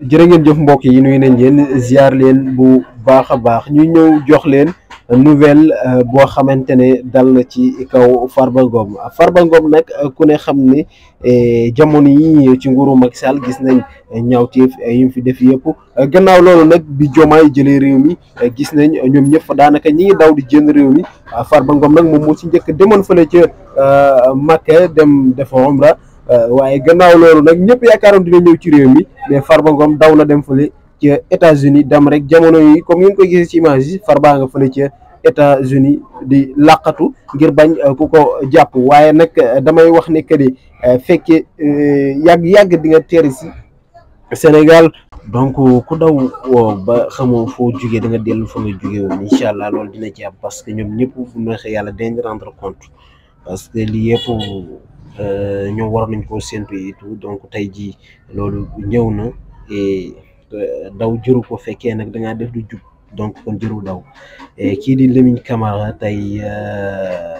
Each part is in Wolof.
jërë ngeen jëf mbokk yi nuyu nañ leen ziar leen bu baax a baax ñu ñëw jox leen nouvelle euh, boo xamante ne dal na ci kaw Farba Ngom Farba Ngom nag euh, ku ne xam ne eh, jamono yi ci nguuru Macky Sall gis nañ eh, ñaawteef eh, yi mu fi def yëpp euh, gannaaw loolu nag bi Diomaye jëlee réew mi gis nañ ñoom ñëpp daanaka ñi ngi daw di jënd réew mi Farba nag moom moo ci njëkk demoon fële ca Makka dem defa umra Euh, waaye gannaaw loolu nag ñëpp yaakaaroon dina ñëw ci réew mi mais Farba Ngom daw na dem fële ca États-Unis dem rek jamono yi comme ngeen ko gisee ci image yi Farba nga fële ca États-Unis di làqatu ngir bañ euh, ku ko jàpp waaye nag euh, damay wax ne que ni fekkee yàgg-yàgg di nga teer si Sénégal donc ku daw ba xamoo foo jugee da nga dellu fa nga jugee woon incha allah loolu dina ci am parce que ñoom ñëpp bu neexee yàlla dañ rendre compte parce que lii Euh, ñoom war nañ koo séntu et tout donc tey jii loolu ñëw na et euh, daw jëru ko fekkee nag da ngaa def du jub donc kon jëru daw kii di Lamine Camara tey euh,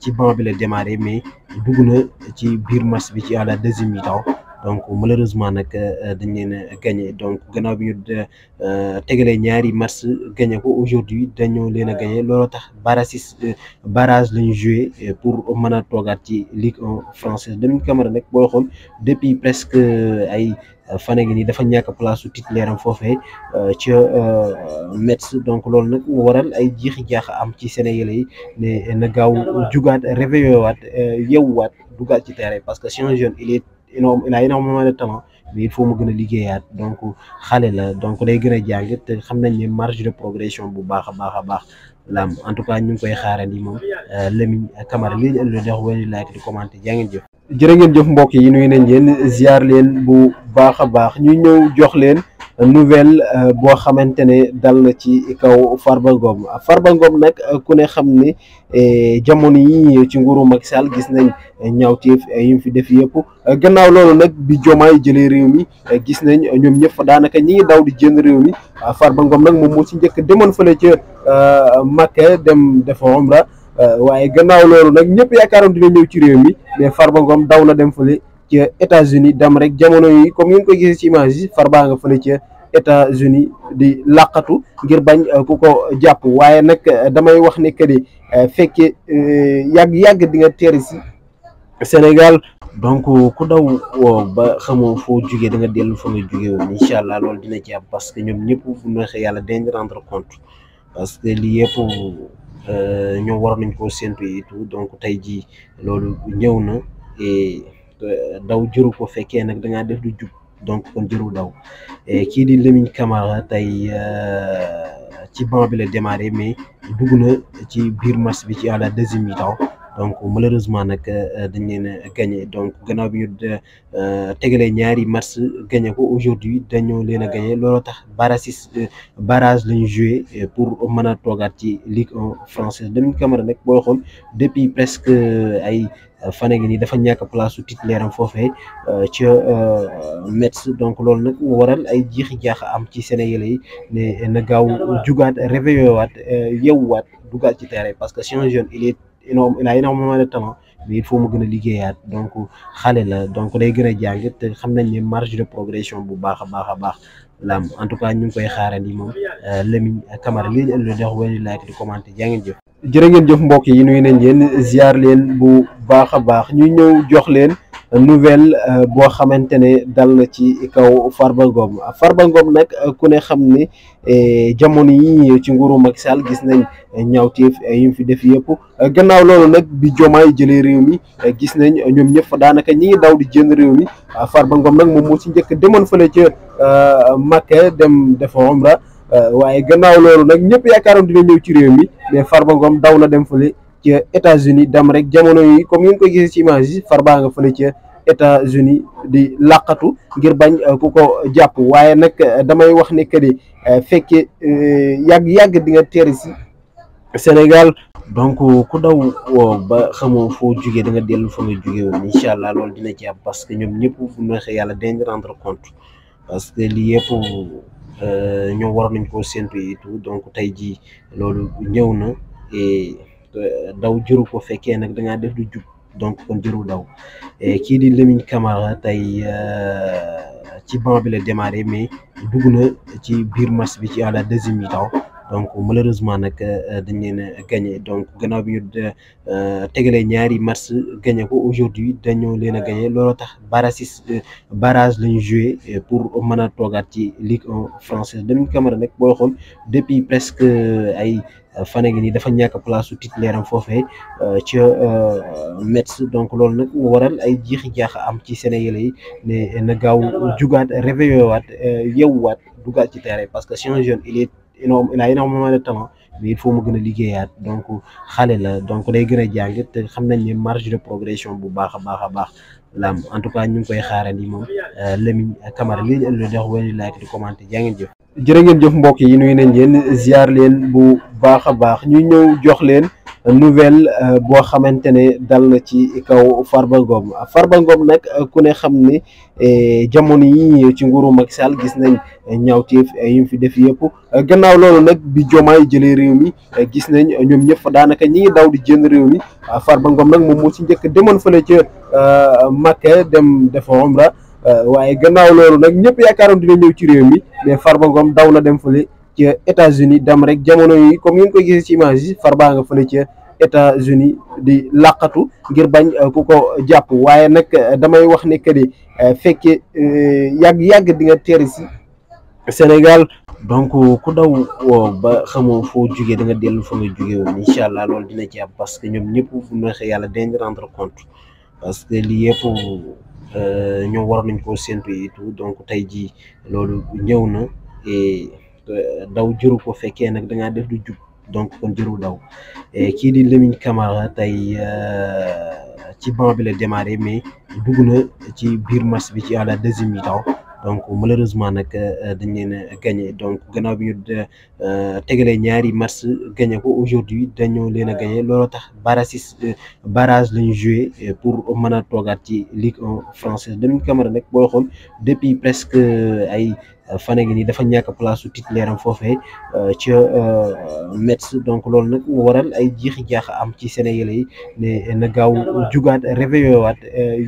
ci banc bi la démarré mais dugg na ci biir match bi ci à la deuxième mi-temps donc malheureusement nak euh, dañ leen gagné donc gannaaw bi ñu euh, tegalee ñaari match gagné ko aujourd'hui dañu leen gagné looloo tax barrages euh, barrage la jouer pour mën togat ci Ligue 1 française Lamine Camara nak boo xol depuis presque ay fané ngi nii dafa ñak place titulaire am foofee ca Metz donc lolu nak waral ay jix jax am ci Sénégalais né na gaaw jugaat réveillé wat yew wat dugaat ci terrain parce que si un jeune il est il a énormément de talent mais il faut a liggéeyaat donc xale la donc day gën a jàng te xam nañ ne marge de progression bu baax a baax a baax la en tout cas ñu ngi koy xaarandi moom euh, Lamine Camara lii la jox wéy laajte di commenté jaa ngeen jëf. jërë ngeen jëf mbokk yi nuyu nañ leen ziar leen bu baax a baax ñu ñëw jox leen. nouvelle euh, boo xamante ne dal na ci kaw Farba Ngom Farba Ngom nag euh, ku ne xam ne eh, jamono yi ci nguuru Macky Sall gis nañ eh, ñaawteef eh, yi mu fi def yëpp euh, gannaaw loolu nag bi Diomaye jëlee réew mi gis nañ ñoom ñëpp daanaka ñi ngi daw di jënd réew mi Farba Ngom nag moom moo ci njëkk demoon fële ca Makka dem dafa umra waaye gannaaw loolu nag ñëpp yaakaaroon dina ñëw ci réew mi mais daw na dem fale ci États-Unis d'Amérique, rek jamono yi comme ni nga koy gisee ci image Farba nga ci États-Unis di laqatu ngir bañ euh, kuko japp waye nak euh, damay wax ne que yag euh, fekke yag yag di nga téré ci Sénégal donc ku daw ba xamoo foo jugee da nga delu fa nga jugee woon dina ci am parce que ñom ñepp bu rien, yalla dañ rendre compte parce que lié pour ñu war nañ ko et tout donc tay ji loolu ñëw na et Euh, daw jëru ko fekkee nag da def du jub donc kon jëru daw kii di Lamine Camara tey euh, ci banc bi la démarré mais dugg na ci biir match bi ci à la deuxième mi-temps donc malheureusement nak euh, dañ leen a gagné donc gannaaw bi ñu euh, tegalee ñaari match gagné ko aujourd'hui dañu leen a gagné looloo tax euh, barrage barrage lañu jouer pour mëna a ci Ligue 1 française Lamine Camara nak boo xol depuis presque ay fané ngi nii dafa ñàkk place titulaire am foofee ca Metz donc loolu nag waral ay jix jax am ci Sénégalais yi ne na gaaw jugaat réveillé wat yew wat dugal ci terrain parce que c'est un jeune il est énorme il a énormément de talent mais il faut a liggéeyaat donc xale la donc day gën a jàng te xam nañ ne marge de progression bu baax a baax a baax la am en tout cas ñu ngi koy xaarandi moom euh, Lamine Camara lii ñu ëllëg wax wala like di commenter jaa ngeen jëf. jërë ngeen jëf mbokk yi nuyu nañ leen ziar leen bu baax a baax ñu ñëw jox leen. nouvelle euh, boo xamante ne dal na ci kaw Farba Ngom Farba Ngom nag euh, ku ne xam ne eh, jamono yi ci nguuru Macky Sall gis nañ eh, ñaawteef eh, yi mu fi def yëpp euh, gannaaw loolu nag bi Diomaye jële réew mi gis nañ ñoom ñëpp fa daanaka ñi ngi daw di jënd réew mi Farba Ngom nag moom moo ci njëkk demoon fële ca Makka dem dafa umra waaye gannaaw loolu nag ñëpp yaakaaroon dina ñëw ci réew mi mais Farba Ngom daw na dem fële ca États-Unis dam rek jamono yi comme ni nga koy gisee ci image yi Farba nga fële ca. États-Unis di làqatu ngir bañ euh, ku ko jàpp waaye nag euh, damay wax ne que ni euh, fekkee yàgg-yàgg di nga teeri Sénégal donc ku daw ba xamoo foo jugee da nga dellu fa nga jugee woon incha allah loolu dina ci am parce que ñoom ñëpp bu neexee yàlla dañ rendre compte parce que lii yëpp ñoom war nañ koo séntu et tout donc tey jii loolu ñëw na et daw jëru fekkee nag da ngaa def du jub. donc kon jërul daw kii di Lamine Camara tey euh, ci banc bi la démarré mais dugg ne ci biir match bi ci à la deuxième mi-temps donc malheureusement nak euh, dañu né a gagné donc gannaaw bi ñu euh, tegalee ñaari match gagné ko aujourd'hui dañu leena a gagné looloo tax barrage euh, barrage lañu jouer pour mëna a ci Ligue 1 française Lamine Camara nak booy xol depuis presque ay fané ngi nii dafa ñak place su titulaire am fofé ci Metz donc loolu nag waral ay jix jax am ci Sénégalais né na gaaw jugaat réveillé wat yew wat dugaat ci terrain parce que si un jeune il est énorme il a énormément de talent mais il faut mu gëna a donc xalé la donc day gën a jàng te xam nañ ne marge de progression bu baax a baax la am en tout cas ñu ngi koy xaarandi mom euh, Lamine Camara lii ñu def wax like di commenter jaa ngeen jëf. jërë ngeen jëf mbokk yi nuyu nañ leen ziar leen bu baax a baax ñu ñëw jox leen. nouvelle euh, boo xamante ne dal na ci kaw Farba Ngom Farba Ngom nag euh, ku ne xam ne eh, jamono yi ci nguuru Macky Sall gis nañ eh, ñaawteef eh, yi mu fi def yëpp euh, gannaaw loolu nag bi Diomaye jëlee réew mi gis nañ ñoom ñëpp daanaka ñi ngi daw di jënd réew mi Farba Ngom nag moom moo ci njëkk demoon fële ca Makka dem defa umra waaye gannaaw loolu nag ñëpp yaakaaroon dina ñëw ci réew mi mais daw na dem fële ca États-Unis dem rek jamono yi comme ñu koy gisee ci image yi Farba nga fële ci États-Unis di laqatu ngir bañ euh, ku ko jàpp waaye nag euh, damay wax ne que ni euh, fekkee yag yàgg di nga téré ci Sénégal donc ku daw ba xamoo foo jugee da nga delu fa nga jugee woon incha allah dina ci parce que ñom ñepp bu neexee yalla dañ rendre compte parce que li yëpp ñu war nañ ko séntu et tout donc tay ji loolu ñëw na et Eh, daw jëru ko fekkee nag da ngaa def du jub donc kon jëru daw e kii di Lamine Camara tey eh, ci banc bi la démarré mais dugg na ci biir match bi ci à la deuxième mi-temps donc malheureusement nak euh, dañ leen gagné donc gannaaw bi ñu euh, tegalee ñaari match gagné ko aujourd'hui dañu leen gagné looloo tax barrages euh, barrage lañu jouer pour mëna togat ci Ligue 1 française Lamine Camara nak boo xol depuis presque ay fané ngi nii dafa ñàkk place titulaire am foofee ca Metz donc lolu nak waral ay jix jax am ci Sénégalais né na gaaw jugaat réveillé wat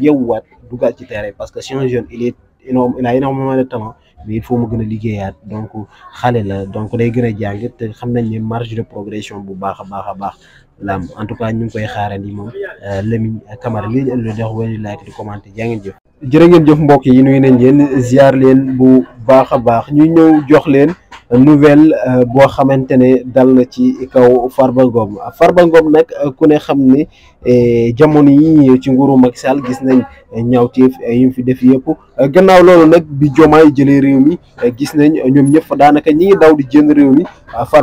yew wat dugaat ci terrain parce que si jeune il est il a énormément de talent mais il faut mu gën a liggéeyaat donc xale la donc day gën a jàng te xam nañ ne marge de progression bu baax a baax a baax la en tout cas ñu ngi koy xaarandi moom euh, Lamine Camara lii la jox wéy laajte di commenté jaa ngeen jëf. jërë ngeen jëf mbokk yi nuyu nañ leen ziar leen bu baax a baax ñu ñëw jox leen. nouvelle euh, boo xamante ne dal na ci kaw Farba Ngom Farba Ngom nag euh, ku ne xam ne eh, jamono yi ci nguuru Macky Sall gis nañ eh, ñaawteef eh, yi mu fi def yëpp euh, gannaaw loolu nag bi Diomaye jëlee réew mi gis nañ ñoom ñëpp daanaka ñi ngi daw di jënd réew mi. Ah,